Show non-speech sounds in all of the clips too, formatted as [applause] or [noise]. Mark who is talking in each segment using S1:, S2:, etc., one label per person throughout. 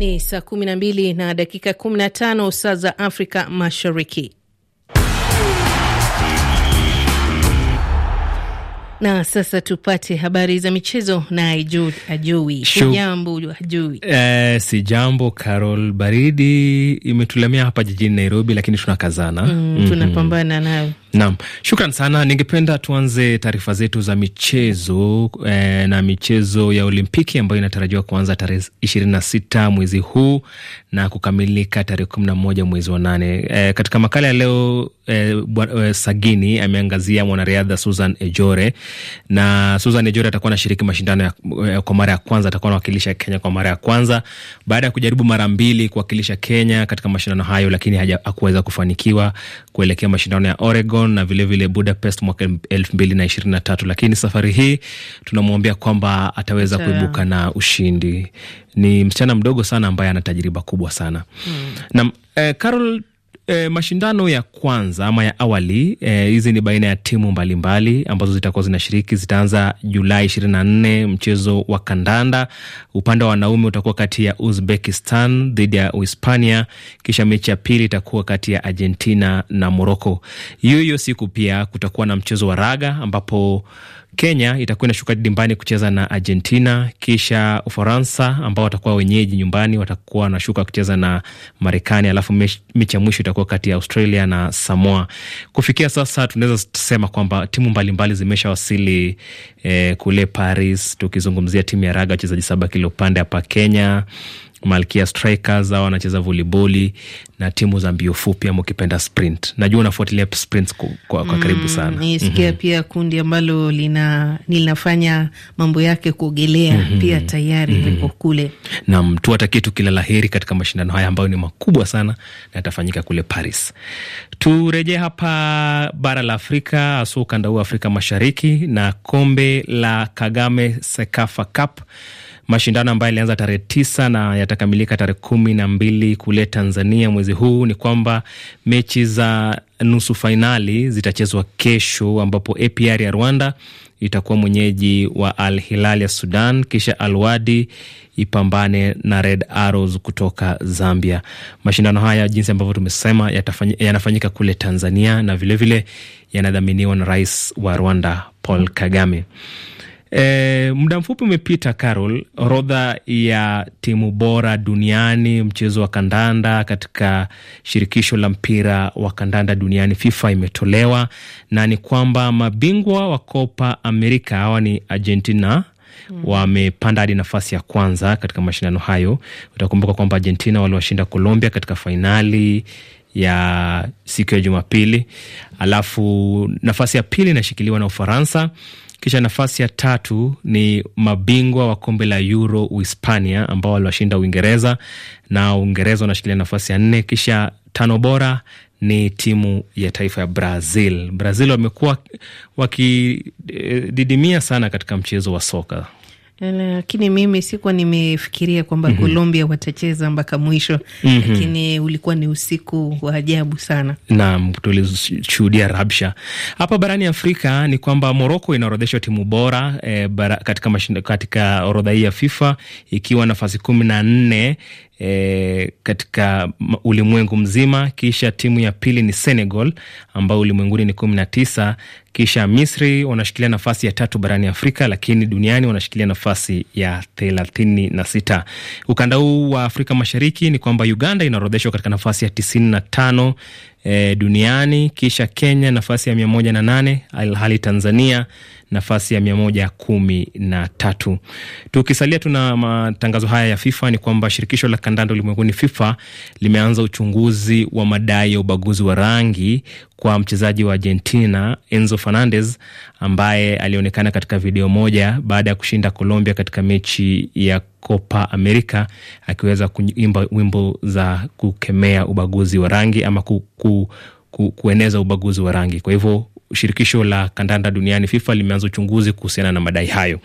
S1: Ni saa 12 na dakika 15 saa za Afrika Mashariki. Na sasa tupate habari za michezo na Iju Ajui. Sijambo Ajui.
S2: Eh, si jambo Carol, baridi imetulemea hapa jijini Nairobi, lakini tunakazana mm, mhm. tunapambana mm -hmm. nayo Naam, shukran sana. Ningependa tuanze taarifa zetu za michezo e, na michezo ya Olimpiki ambayo inatarajiwa kuanza tarehe ishirini na sita mwezi huu na kukamilika tarehe kumi na moja mwezi wa nane. E, katika makala ya leo e, bwa, e, Sagini ameangazia mwanariadha Susan Ejore na Susan Ejore atakuwa anashiriki mashindano ya, e, kwa mara ya kwanza. Atakuwa anawakilisha Kenya kwa mara ya kwanza baada ya kujaribu mara mbili kuwakilisha Kenya katika mashindano hayo, lakini hakuweza kufanikiwa kuelekea mashindano ya Oregon Yangon na vilevile vile Budapest mwaka elfu mbili na ishirini na tatu, lakini safari hii tunamwambia kwamba ataweza Chaya. kuibuka na ushindi. Ni msichana mdogo sana ambaye ana tajriba kubwa sana hmm. na eh, Carol E, mashindano ya kwanza ama ya awali eh, hizi e, ni baina ya timu mbalimbali mbali, ambazo zitakuwa zinashiriki zitaanza Julai 24 Mchezo wa kandanda upande wa wanaume utakuwa kati ya Uzbekistan dhidi ya Uhispania, kisha mechi ya pili itakuwa kati ya Argentina na Moroko. Hiyo hiyo siku pia kutakuwa na mchezo wa raga ambapo Kenya itakuwa inashuka dimbani kucheza na Argentina, kisha Ufaransa ambao watakuwa wenyeji nyumbani watakuwa wanashuka kucheza na Marekani, alafu mechi ya mwisho itakuwa kati ya Australia na Samoa. Kufikia sasa tunaweza sema kwamba timu mbalimbali zimeshawasili eh, kule Paris, tukizungumzia timu ya raga wachezaji saba kila upande hapa Kenya Malkia Strikers au anacheza voliboli na timu za mbio fupi ama ukipenda sprint. Najua unafuatilia sprints kwa, kwa, kwa mm, karibu sana. Mm, nisikia mm
S1: -hmm. Pia kundi ambalo lina linafanya mambo yake kuogelea mm -hmm. Pia tayari mm -hmm. liko kule.
S2: nam, tuwatakie tu kila laheri katika mashindano haya ambayo ni makubwa sana na yatafanyika kule Paris. Turejee hapa bara la Afrika, hasa ukanda huu Afrika Mashariki na kombe la Kagame Sekafa Cup mashindano ambayo yalianza tarehe tisa na yatakamilika tarehe kumi na mbili kule Tanzania mwezi huu, ni kwamba mechi za nusu fainali zitachezwa kesho, ambapo APR ya Rwanda itakuwa mwenyeji wa Al Hilal ya Sudan, kisha Al Wadi ipambane na Red Arrows kutoka Zambia. Mashindano haya jinsi ambavyo tumesema yanafanyika ya kule Tanzania na vilevile yanadhaminiwa na rais wa Rwanda Paul Kagame. E, muda mfupi umepita Carol, orodha ya timu bora duniani mchezo wa kandanda katika shirikisho la mpira wa kandanda duniani FIFA imetolewa, na ni kwamba mabingwa wa Copa America hawa ni Argentina mm. Wamepanda hadi nafasi ya kwanza katika mashindano hayo. Utakumbuka kwamba Argentina waliwashinda Colombia katika fainali ya siku ya Jumapili, alafu nafasi ya pili inashikiliwa na Ufaransa kisha nafasi ya tatu ni mabingwa wa kombe la Euro Uhispania ambao waliwashinda Uingereza na Uingereza wanashikilia nafasi ya nne. Kisha tano bora ni timu ya taifa ya Brazil. Brazil wamekuwa wakididimia sana katika mchezo wa soka.
S1: Eh, lakini mimi sikuwa nimefikiria kwamba mm -hmm. Colombia watacheza mpaka mwisho mm -hmm. Lakini ulikuwa ni usiku wa ajabu sana.
S2: Naam, tulishuhudia rabsha hapa. Barani Afrika ni kwamba Moroko inaorodheshwa timu bora e, bara, katika, katika orodha hii ya FIFA ikiwa nafasi kumi na nne e, katika ulimwengu mzima. Kisha timu ya pili ni Senegal ambayo ulimwenguni ni kumi na tisa. Kisha Misri wanashikilia nafasi ya tatu barani Afrika, lakini duniani wanashikilia nafasi ya thelathini na sita. Ukanda huu wa Afrika Mashariki ni kwamba Uganda inaorodheshwa katika nafasi ya tisini na tano e, duniani, kisha Kenya nafasi ya mia moja na nane alhali Tanzania nafasi ya mia moja kumi na tatu. Tukisalia tuna matangazo haya ya FIFA ni kwamba shirikisho la kandanda ulimwenguni FIFA limeanza uchunguzi wa madai ya ubaguzi wa rangi kwa mchezaji wa Argentina Enzo Fernandez ambaye alionekana katika video moja baada ya kushinda Colombia katika mechi ya Copa America akiweza kuimba wimbo za kukemea ubaguzi wa rangi ama ku, ku, ku, kueneza ubaguzi wa rangi. Kwa hivyo shirikisho la kandanda duniani FIFA limeanza uchunguzi kuhusiana na madai hayo.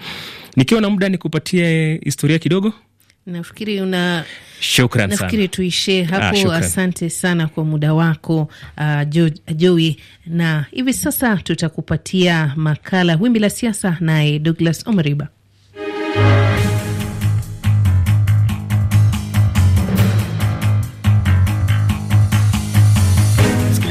S2: Nikiwa na muda nikupatie historia kidogo.
S1: Nafikiri una shukran, nafikiri tuishie ah, hapo. Ah, asante sana kwa muda wako uh, ah, Joi, na hivi sasa tutakupatia makala wimbi la siasa, naye Douglas Omariba.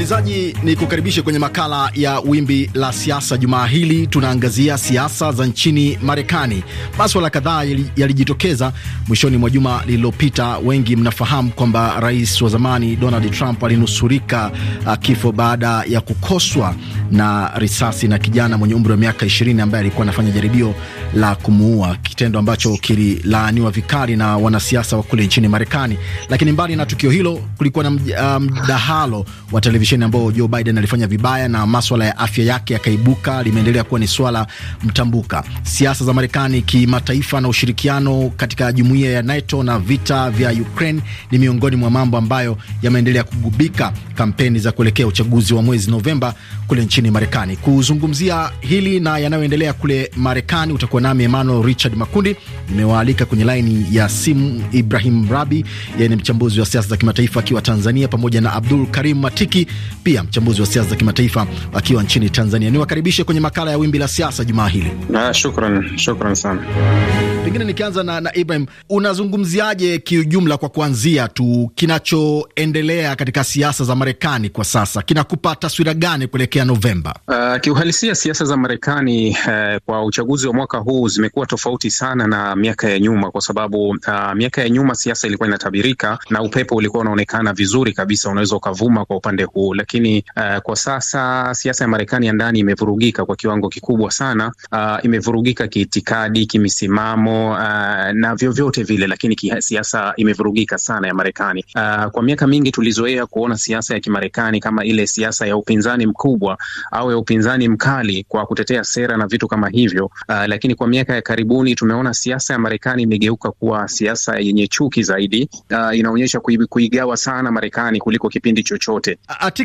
S3: Msikilizaji, ni kukaribishe kwenye makala ya Wimbi la Siasa. Jumaa hili tunaangazia siasa za nchini Marekani. Maswala kadhaa yalijitokeza mwishoni mwa juma lililopita. Wengi mnafahamu kwamba rais wa zamani Donald Trump alinusurika uh, kifo baada ya kukoswa na risasi na kijana mwenye umri wa miaka 20 ambaye alikuwa anafanya jaribio la kumuua, kitendo ambacho kililaaniwa vikali na wanasiasa wa kule nchini Marekani. Lakini mbali na tukio hilo, kulikuwa na uh, mdahalo wa televisheni election ambayo Joe Biden alifanya vibaya na maswala ya afya yake yakaibuka, limeendelea kuwa ni swala mtambuka. Siasa za Marekani kimataifa na ushirikiano katika jumuiya ya NATO na vita vya Ukraine ni miongoni mwa mambo ambayo yameendelea kugubika kampeni za kuelekea uchaguzi wa mwezi Novemba kule nchini Marekani. Kuzungumzia hili na yanayoendelea kule Marekani utakuwa nami Emmanuel Richard Makundi. Nimewaalika kwenye laini ya simu Ibrahim Rabi, yeye ni mchambuzi wa siasa za kimataifa akiwa Tanzania, pamoja na Abdul Karim Matiki pia mchambuzi wa siasa za kimataifa akiwa nchini Tanzania. Niwakaribishe kwenye makala ya Wimbi la Siasa jumaa hili.
S4: Shukran, shukran sana. Pengine
S3: nikianza na, na Ibrahim, unazungumziaje kiujumla, kwa kuanzia tu kinachoendelea katika siasa za Marekani kwa sasa, kinakupa taswira gani kuelekea Novemba?
S4: Uh, kiuhalisia siasa za Marekani uh, kwa uchaguzi wa mwaka huu zimekuwa tofauti sana na miaka ya nyuma, kwa sababu uh, miaka ya nyuma siasa ilikuwa inatabirika na upepo ulikuwa unaonekana vizuri kabisa, unaweza ukavuma kwa upande huu lakini uh, kwa sasa siasa ya Marekani ya ndani imevurugika kwa kiwango kikubwa sana. Uh, imevurugika kiitikadi, kimisimamo, uh, na vyovyote vile, lakini siasa imevurugika sana ya Marekani. Uh, kwa miaka mingi tulizoea kuona siasa ya Kimarekani kama ile siasa ya upinzani mkubwa au ya upinzani mkali kwa kutetea sera na vitu kama hivyo. Uh, lakini kwa miaka ya karibuni tumeona siasa ya Marekani imegeuka kuwa siasa yenye chuki zaidi. Uh, inaonyesha kuigawa sana Marekani kuliko kipindi chochote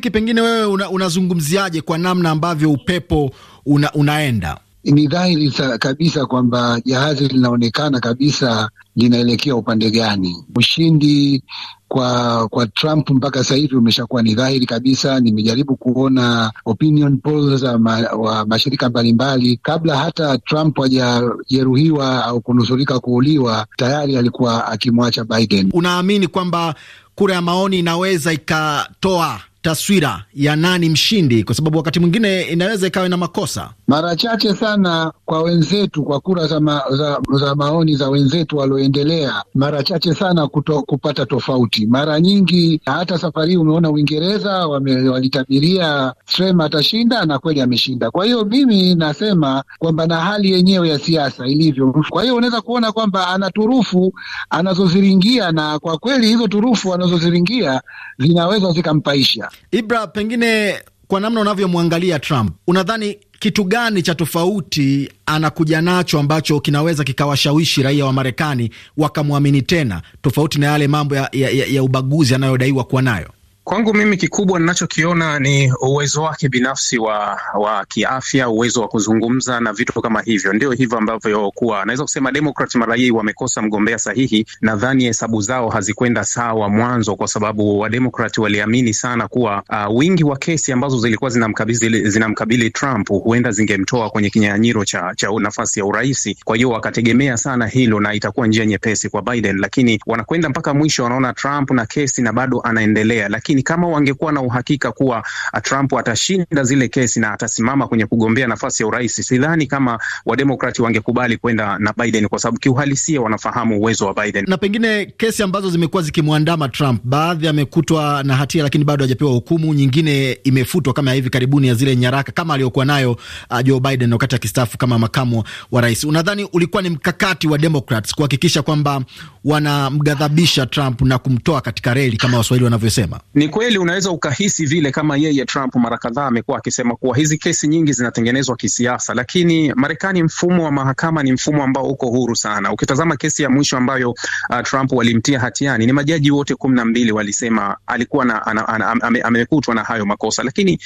S4: mwanamuziki,
S3: pengine wewe unazungumziaje una kwa namna ambavyo upepo una, unaenda? Ni
S5: dhahiri kabisa kwamba jahazi linaonekana kabisa linaelekea upande gani. Ushindi kwa kwa Trump mpaka sasa hivi umeshakuwa ni dhahiri kabisa. Nimejaribu kuona opinion polls ma, wa mashirika mbalimbali. Kabla hata
S3: Trump hajajeruhiwa au kunusurika kuuliwa, tayari alikuwa akimwacha Biden. Unaamini kwamba kura ya maoni inaweza ikatoa taswira ya nani mshindi, kwa sababu wakati mwingine inaweza ikawa na makosa mara chache sana
S5: kwa wenzetu, kwa kura za, ma, za, za maoni za wenzetu walioendelea, mara chache sana kuto, kupata tofauti. Mara nyingi hata safari hii umeona Uingereza walitabiria Starmer atashinda na kweli ameshinda. Kwa hiyo mimi nasema kwamba na hali yenyewe ya siasa ilivyo, kwa hiyo unaweza kuona kwamba ana turufu anazoziringia,
S3: na kwa kweli hizo turufu anazoziringia zinaweza zikampaisha. Ibra, pengine kwa namna unavyomwangalia Trump, unadhani kitu gani cha tofauti anakuja nacho ambacho kinaweza kikawashawishi raia wa Marekani wakamwamini tena, tofauti na yale mambo ya, ya, ya ubaguzi anayodaiwa kuwa nayo?
S4: Kwangu mimi kikubwa ninachokiona ni uwezo wake binafsi wa wa kiafya, uwezo wa kuzungumza na vitu kama hivyo. Ndio hivyo ambavyo kuwa naweza kusema Demokrat mara hii wamekosa mgombea sahihi. Nadhani hesabu zao hazikwenda sawa mwanzo, kwa sababu Wademokrat waliamini sana kuwa uh, wingi wa kesi ambazo zilikuwa zinamkabili zinamkabili Trump huenda zingemtoa kwenye kinyang'anyiro cha, cha nafasi ya urais. Kwa hiyo wakategemea sana hilo na itakuwa njia nyepesi kwa Biden, lakini wanakwenda mpaka mwisho, wanaona Trump na kesi na bado anaendelea, lakini lakini kama wangekuwa na uhakika kuwa ah, Trump atashinda zile kesi na atasimama kwenye kugombea nafasi ya urais, sidhani kama wademokrati wangekubali kwenda na Biden kwa sababu kiuhalisia wanafahamu uwezo wa Biden. Na pengine
S3: kesi ambazo zimekuwa zikimwandama Trump, baadhi amekutwa na hatia lakini bado hajapewa hukumu, nyingine imefutwa kama ya hivi karibuni ya zile nyaraka kama aliyokuwa nayo uh, Joe Biden wakati akistaafu kama makamu wa rais. Unadhani ulikuwa ni mkakati wa Democrats kuhakikisha kwamba wanamgadhabisha Trump na kumtoa katika reli kama Waswahili wanavyosema?
S4: Ni kweli unaweza ukahisi vile kama yeye Trump mara kadhaa amekuwa akisema kuwa hizi kesi nyingi zinatengenezwa kisiasa, lakini Marekani, mfumo wa mahakama ni mfumo ambao uko huru sana. Ukitazama kesi ya mwisho ambayo uh, Trump walimtia hatiani, ni majaji wote kumi na mbili walisema alikuwa na, ana, ana, ame, amekutwa na hayo makosa, lakini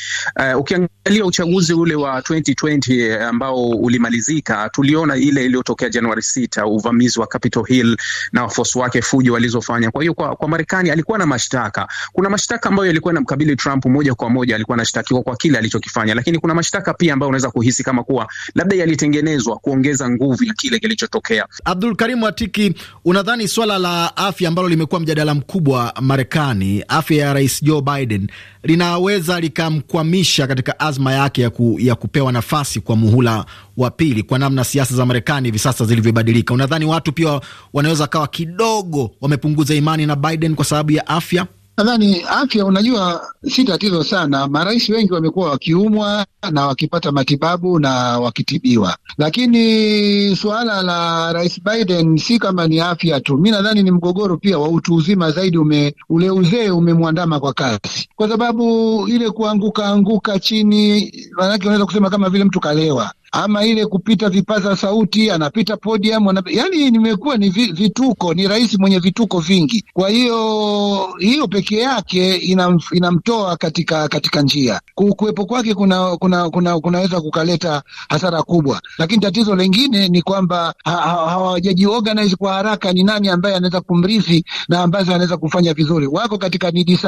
S4: uh, ukiangalia uchaguzi ule wa 2020 eh, ambao ulimalizika, tuliona ile iliyotokea Januari 6, uvamizi wa Capitol Hill na wafuasi wake, fujo walizofanya. Kwa hiyo kwa, kwa Marekani alikuwa na mashtaka kuna mashtaka mashtaka ambayo yalikuwa yanamkabili Trump moja kwa moja, alikuwa anashtakiwa kwa kile alichokifanya, lakini kuna mashtaka pia ambayo unaweza kuhisi kama kuwa labda yalitengenezwa kuongeza nguvu ya kile kilichotokea. Abdul Karim Atiki, unadhani swala la
S3: afya ambalo limekuwa mjadala mkubwa Marekani, afya ya Rais Joe Biden linaweza likamkwamisha katika azma yake ya, ku, ya kupewa nafasi kwa muhula wa pili, kwa namna siasa za Marekani hivi sasa zilivyobadilika? Unadhani watu pia wanaweza kawa kidogo wamepunguza imani na Biden kwa sababu ya afya? Nadhani afya, unajua, si tatizo sana.
S5: Marais wengi wamekuwa wakiumwa na wakipata matibabu na wakitibiwa, lakini suala la Rais Biden si kama ni afya tu. Mi nadhani ni mgogoro pia wa utu uzima zaidi, ume, ule uzee umemwandama kwa kasi, kwa sababu ile kuanguka anguka chini, maanake unaweza kusema kama vile mtu kalewa ama ile kupita vipaza sauti, anapita podium anap... yani nimekuwa ni vituko, ni rais mwenye vituko vingi. Kwa hiyo hiyo pekee yake inam, inamtoa katika katika njia. Kuwepo kwake kuna, kuna, kuna, kunaweza kukaleta hasara kubwa, lakini tatizo lingine ni kwamba hawajaji ha, ha, organize kwa haraka, ni nani ambaye anaweza kumrithi na ambazo anaweza kufanya vizuri. Wako katika ni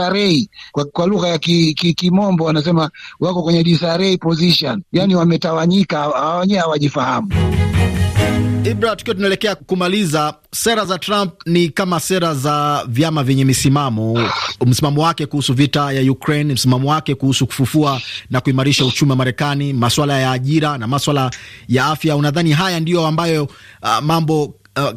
S5: kwa, kwa lugha ya Kimombo ki, ki wanasema wako kwenye disarei position, yani wametawanyika wenyewe hawajifahamu.
S3: Ibra, tukiwa tunaelekea kumaliza, sera za Trump ni kama sera za vyama vyenye misimamo. Msimamo wake kuhusu vita ya Ukraine, msimamo wake kuhusu kufufua na kuimarisha uchumi wa Marekani, maswala ya ajira na maswala ya afya, unadhani haya ndiyo ambayo uh, mambo uh,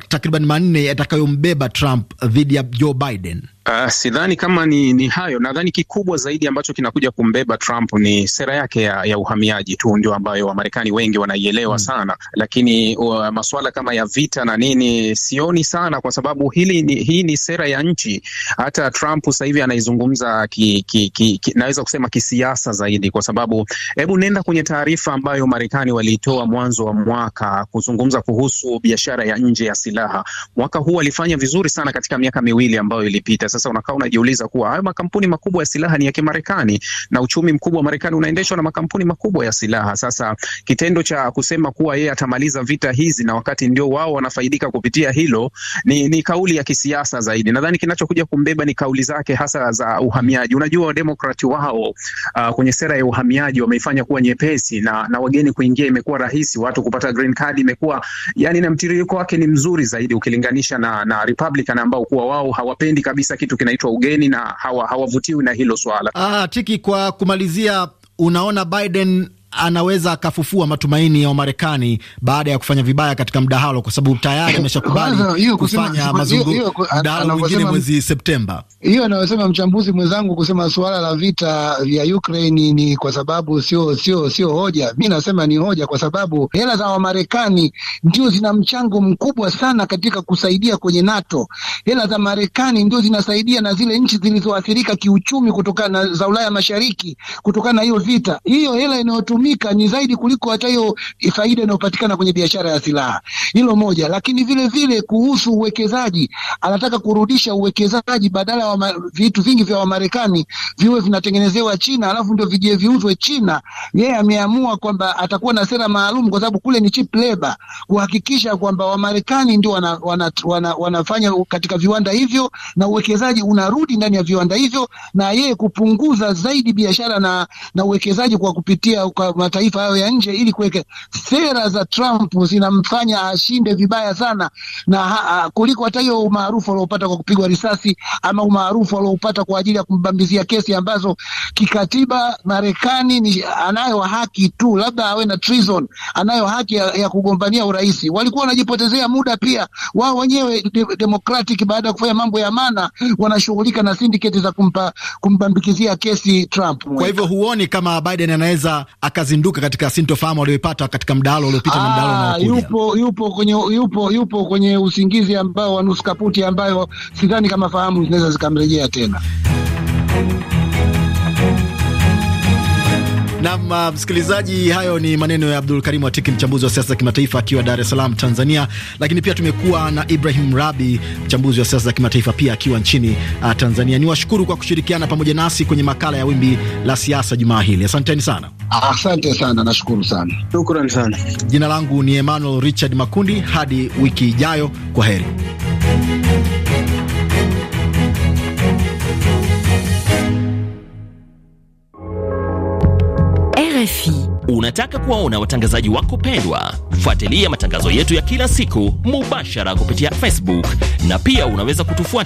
S3: takriban manne yatakayombeba Trump dhidi ya Joe Biden?
S4: Uh, sidhani kama ni, ni hayo. Nadhani kikubwa zaidi ambacho kinakuja kumbeba Trump ni sera yake ya, ya uhamiaji tu ndio ambayo Wamarekani wengi wanaielewa mm, sana, lakini uh, masuala kama ya vita na nini sioni sana, kwa sababu hili ni, hii ni sera ya nchi. Hata Trump sasa hivi anaizungumza ki, ki, ki, ki, naweza kusema kisiasa zaidi, kwa sababu hebu nenda kwenye taarifa ambayo Marekani waliitoa mwanzo wa mwaka kuzungumza kuhusu biashara ya nje ya silaha. Mwaka huu alifanya vizuri sana katika miaka miwili ambayo ilipita. Sasa unakaa unajiuliza kuwa hayo makampuni makubwa ya silaha ni ya Kimarekani na uchumi mkubwa wa Marekani unaendeshwa na makampuni makubwa ya silaha. Sasa kitendo cha kusema kuwa yeye atamaliza vita hizi na wakati ndio wao wanafaidika kupitia hilo ni, ni kauli ya kisiasa zaidi. Nadhani kinachokuja kumbeba ni kauli zake hasa za uhamiaji. Unajua wademokrati wao uh, kwenye sera ya uhamiaji wameifanya kuwa nyepesi na, na wageni kuingia imekuwa rahisi, watu kupata green card imekuwa yani, na mtiririko wake ni mzuri zaidi ukilinganisha na, na Republican ambao kuwa wao hawapendi kabisa kitu kitu kinaitwa ugeni na hawavutiwi hawa na hilo swala. Ah, kwa
S3: kumalizia, unaona Biden anaweza akafufua matumaini ya Wamarekani baada ya kufanya vibaya katika mdahalo, kwa sababu tayari [coughs] ameshakubali kufanya mazungumzo mwingine mwezi Septemba.
S5: Hiyo anayosema mchambuzi mwenzangu kusema suala la vita vya Ukraine ni kwa sababu sio sio sio hoja, mi nasema ni hoja, kwa sababu hela za Wamarekani ndio zina mchango mkubwa sana katika kusaidia kwenye NATO. Hela za Marekani ndio zinasaidia na zile nchi zilizoathirika kiuchumi kutokana za Ulaya Mashariki kutokana na hiyo vita, hiyo hela inayotumika wanaodhulumika ni zaidi kuliko hata hiyo faida inayopatikana kwenye biashara ya silaha. Hilo moja, lakini vile vile kuhusu uwekezaji, anataka kurudisha uwekezaji badala ya vitu vingi vya Wamarekani viwe vinatengenezewa China alafu ndio vije viuzwe China. Yeye yeah, ameamua kwamba atakuwa na sera maalum, kwa sababu kule ni cheap labor, kuhakikisha kwamba Wamarekani ndio wana, wana, wana, wanafanya katika viwanda hivyo na uwekezaji unarudi ndani ya viwanda hivyo, na yeye kupunguza zaidi biashara na, na uwekezaji kwa kupitia kwa mataifa hayo ya nje ili kuweka sera za Trump zinamfanya ashinde vibaya sana na ha, kuliko hata hiyo umaarufu aliopata kwa kupigwa risasi ama umaarufu aliopata kwa ajili ya kumbambizia kesi ambazo kikatiba Marekani ni anayo haki tu, labda awe na treason, anayo haki ya, ya kugombania urais. Walikuwa wanajipotezea muda pia wao wenyewe de, Democratic baada ya kufanya mambo
S3: ya maana, wanashughulika na syndicate za kumpa, kumbambikizia kesi Trump. Kwa hivyo huoni kama Biden anaweza aka akazinduka katika sintofahamu walioipata katika mdahalo uliopita na mdahalo ah, unaokuja.
S5: Yupo yupo kwenye yupo yupo kwenye usingizi ambao wa nusu kaputi, ambayo sidhani
S3: kama fahamu zinaweza zikamrejea tena. Nam uh, msikilizaji, hayo ni maneno ya Abdul Karimu Atiki, mchambuzi wa siasa za kimataifa akiwa Dar es Salaam, Tanzania. Lakini pia tumekuwa na Ibrahim Rabi, mchambuzi wa siasa za kimataifa pia akiwa nchini uh, Tanzania. Ni washukuru kwa kushirikiana pamoja nasi kwenye makala ya Wimbi la Siasa jumaa hili. Asanteni sana.
S5: Asante sana, nashukuru sana.
S3: Shukrani sana. Jina langu ni Emmanuel Richard Makundi. Hadi wiki ijayo, kwa heri.
S2: unataka kuwaona watangazaji wako pendwa, fuatilia
S4: matangazo yetu ya kila siku mubashara kupitia Facebook na pia unaweza kutufuata